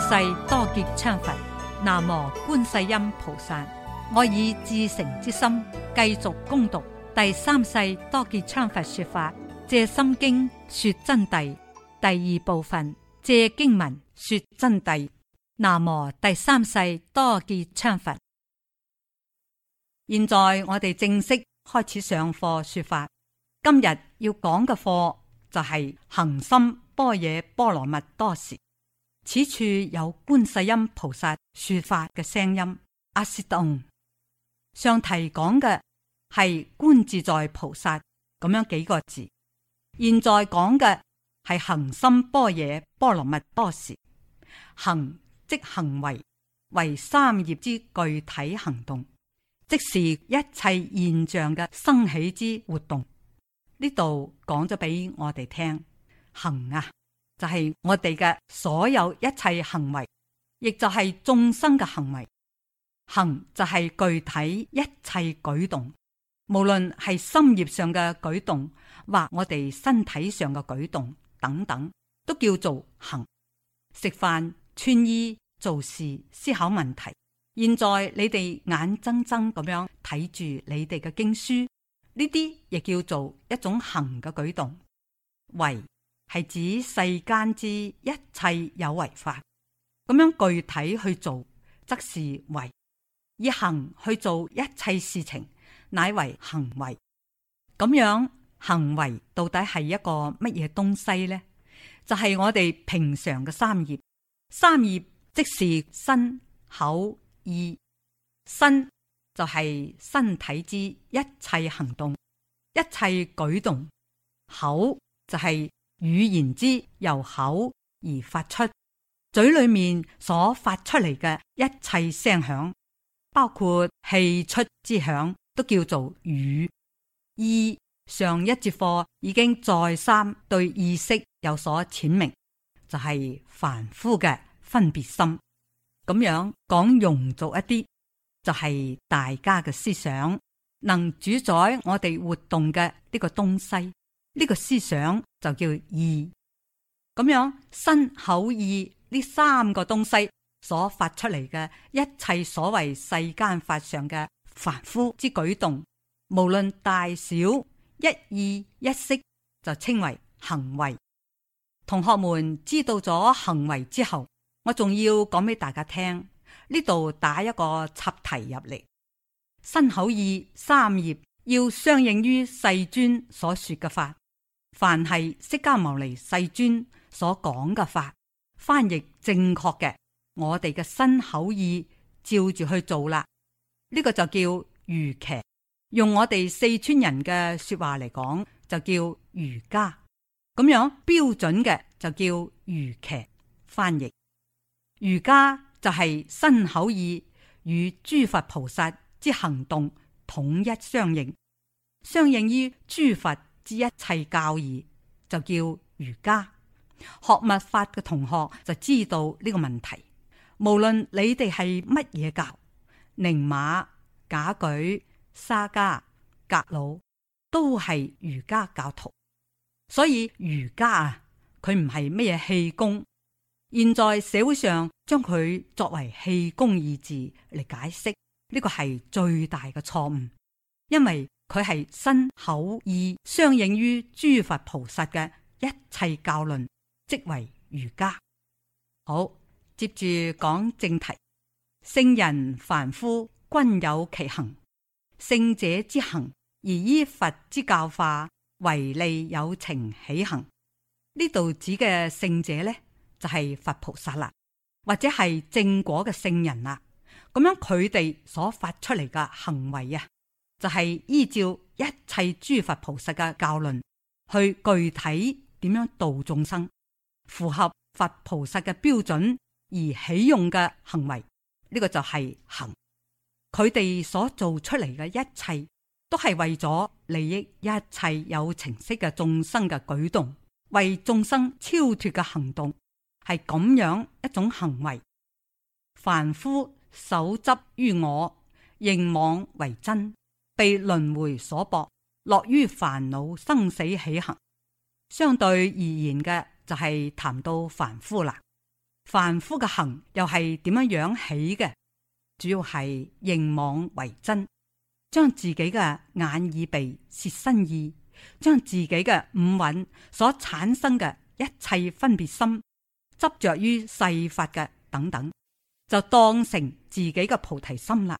世多杰羌佛，南無觀世音菩薩。我以至誠之心，繼續恭讀第三世多杰羌佛說法，借心經說真諦第二部分，借經文說真諦。南無第三世多杰羌佛。現在我哋正式開始上課說法。今日要講嘅課就係行深般若波羅蜜多時。此處有觀世音菩薩說法嘅聲音。阿是動上提講嘅係觀自在菩薩咁樣幾個字，現在講嘅係行深般若波羅蜜多時。行即行為，為三業之具體行動，即是一切現象嘅生起之活動。呢度講咗俾我哋聽，行啊！就係我哋嘅所有一切行為，亦就係眾生嘅行為。行就係具體一切舉動，無論係心業上嘅舉動或我哋身體上嘅舉動等等，都叫做行。食飯、穿衣、做事、思考問題。現在你哋眼睜睜咁樣睇住你哋嘅經書，呢啲亦叫做一種行嘅舉動。為係指世間之一切有為法，咁樣具體去做，則是為以行去做一切事情，乃為行為。咁樣行為到底係一個乜嘢東西呢？就係、是、我哋平常嘅三業，三業即是身、口、意。身就係身體之一切行動、一切舉動，口就係、是。語言之由口而發出，嘴裏面所發出嚟嘅一切聲響，包括氣出之響，都叫做語。二，上一節課已經再三對意識有所闡明，就係、是、凡夫嘅分別心。咁樣講，庸俗一啲，就係、是、大家嘅思想，能主宰我哋活動嘅呢個東西，呢、這個思想。就叫意，咁樣身口意呢三個東西所發出嚟嘅一切所謂世間法上嘅凡夫之舉動，無論大小，一意一色，就稱為行為。同學們知道咗行為之後，我仲要講俾大家聽，呢度打一個插題入嚟，身口意三業要相應於世尊所說嘅法。凡係釋迦牟尼世尊所講嘅法，翻譯正確嘅，我哋嘅身口意照住去做啦。呢、這個就叫瑜伽，用我哋四川人嘅說話嚟講，就叫瑜伽。咁樣標準嘅就叫瑜伽翻譯，瑜伽就係身口意與諸佛菩薩之行動統一相應，相應於諸佛。知一切教義就叫瑜伽。學密法嘅同學就知道呢個問題。無論你哋係乜嘢教，寧馬、假舉、沙加、格魯都係瑜伽教徒。所以瑜伽啊，佢唔係乜嘢氣功。現在社會上將佢作為氣功二字嚟解釋，呢個係最大嘅錯誤，因為。佢係身口意相應於諸佛菩薩嘅一切教論，即為瑜伽。好，接住講正題，聖人凡夫均有其行，聖者之行而依佛之教化為利有情起行。呢度指嘅聖者呢，就係佛菩薩啦，或者係正果嘅聖人啦。咁樣佢哋所發出嚟嘅行為啊，就係、是、依照一切諸佛菩薩嘅教論去具體點樣度眾生，符合佛菩薩嘅標準而起用嘅行為，呢、這個就係行。佢哋所做出嚟嘅一切都係為咗利益一切有情識嘅眾生嘅舉動，為眾生超脫嘅行動，係咁樣一種行為。凡夫守執於我，認妄為真。被輪回所薄，落於煩惱生死起行。相對而言嘅就係談到凡夫啦。凡夫嘅行又係點樣樣起嘅？主要係認妄為真，將自己嘅眼耳鼻舌身意，將自己嘅五蘊所產生嘅一切分別心，執着於世法嘅等等，就當成自己嘅菩提心啦。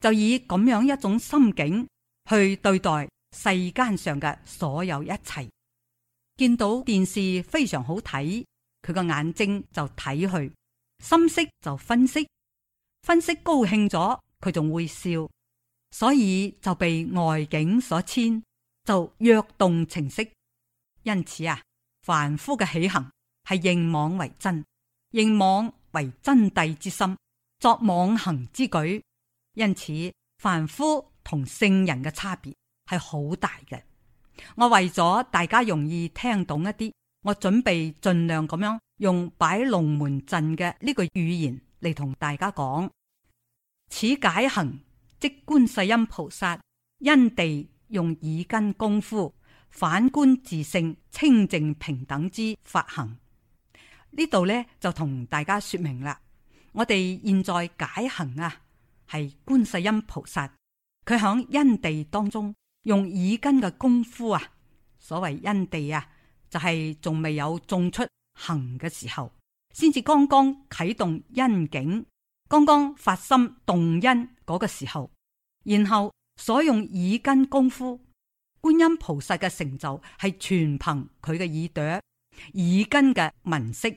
就以咁樣一種心境去對待世間上嘅所有一切，見到電視非常好睇，佢個眼睛就睇去，心識就分析，分析高興咗，佢仲會笑，所以就被外境所遷，就躍動情色。因此啊，凡夫嘅起行係認妄為真，認妄為真諦之心作妄行之舉。因此，凡夫同聖人嘅差別係好大嘅。我為咗大家容易聽懂一啲，我準備盡量咁樣用擺龍門陣嘅呢句語言嚟同大家講。此解行，即觀世音菩薩因地，用耳根功夫，反觀自性，清淨平等之法行。呢度呢，就同大家說明啦。我哋現在解行啊。係觀世音菩薩，佢喺因地當中用耳根嘅功夫啊，所謂因地啊，就係仲未有種出行嘅時候，先至剛剛啟動因境，剛剛發心動因嗰個時候，然後所用耳根功夫。觀音菩薩嘅成就係全憑佢嘅耳朵耳根嘅聞識，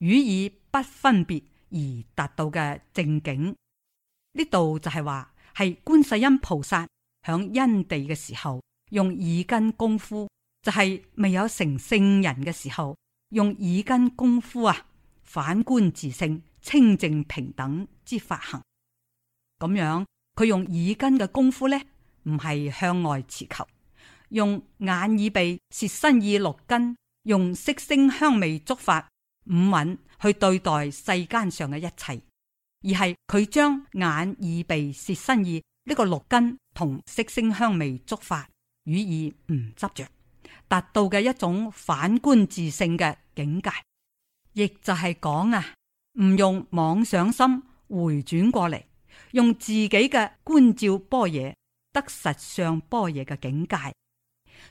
與耳不分別而達到嘅正境。呢度就係話係觀世音菩薩響因地嘅時候，用耳根功夫，就係、是、未有成聖人嘅時候，用耳根功夫啊，反觀自性，清淨平等之法行。咁樣佢用耳根嘅功夫呢，唔係向外持求，用眼、耳、鼻、舌、身、意六根，用色、聲、香味觸、觸、法五蘊去對待世間上嘅一切。而係佢將眼耳、鼻、舌、身、意呢個六根同色、聲、香、味、觸、法予以唔執着，達到嘅一種反觀自性嘅境界，亦就係講啊，唔用妄想心回轉過嚟，用自己嘅觀照般若得實相般若嘅境界，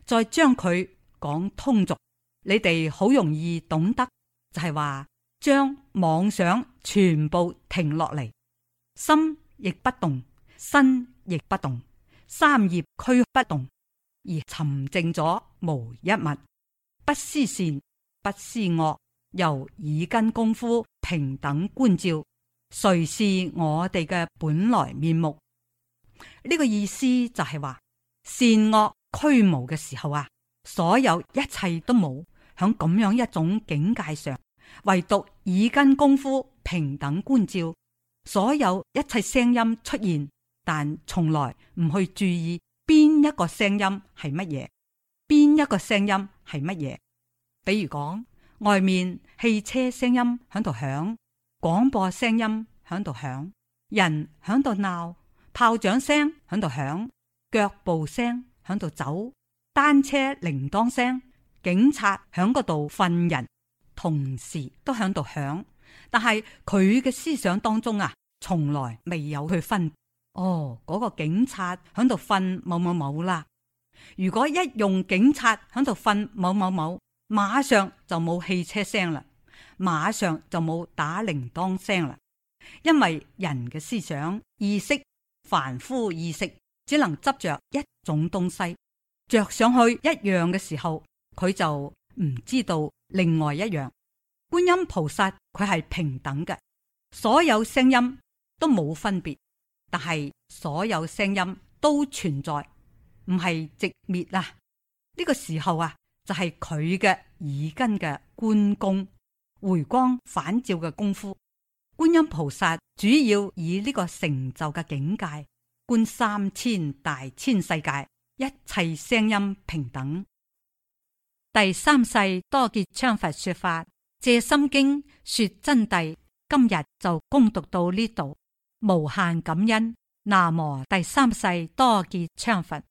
再將佢講通俗，你哋好容易懂得就係話。將妄想全部停落嚟，心亦不動，身亦不動，三業俱不動，而沉靜咗無一物，不思善，不思惡，由耳根功夫平等觀照，誰是我哋嘅本來面目？呢個意思就係話善惡俱無嘅時候啊，所有一切都冇響咁樣一種境界上。唯獨耳根功夫平等觀照所有一切聲音出現，但從來唔去注意邊一個聲音係乜嘢，邊一個聲音係乜嘢。比如講，外面汽車聲音響度響，廣播聲音響度響，人響度鬧，炮仗聲響度響，腳步聲響度走，單車鈴鐺聲，警察響嗰度訓人。同時都喺度響，但係佢嘅思想當中啊，從來未有去分哦。嗰個警察喺度瞓，某某某啦。如果一用警察喺度瞓，某某某，馬上就冇汽車聲啦，馬上就冇打鈴鐺聲啦。因為人嘅思想意識，凡夫意識只能執着一種東西，着上去一樣嘅時候，佢就唔知道。另外一樣，觀音菩薩佢係平等嘅，所有聲音都冇分別，但係所有聲音都存在，唔係寂滅啊！呢、這個時候啊，就係佢嘅耳根嘅觀功回光返照嘅功夫。觀音菩薩主要以呢個成就嘅境界，觀三千大千世界，一切聲音平等。第三世多杰羌佛說法《藉心經》說真諦，今日就恭讀到呢度，無限感恩。南無第三世多杰羌佛。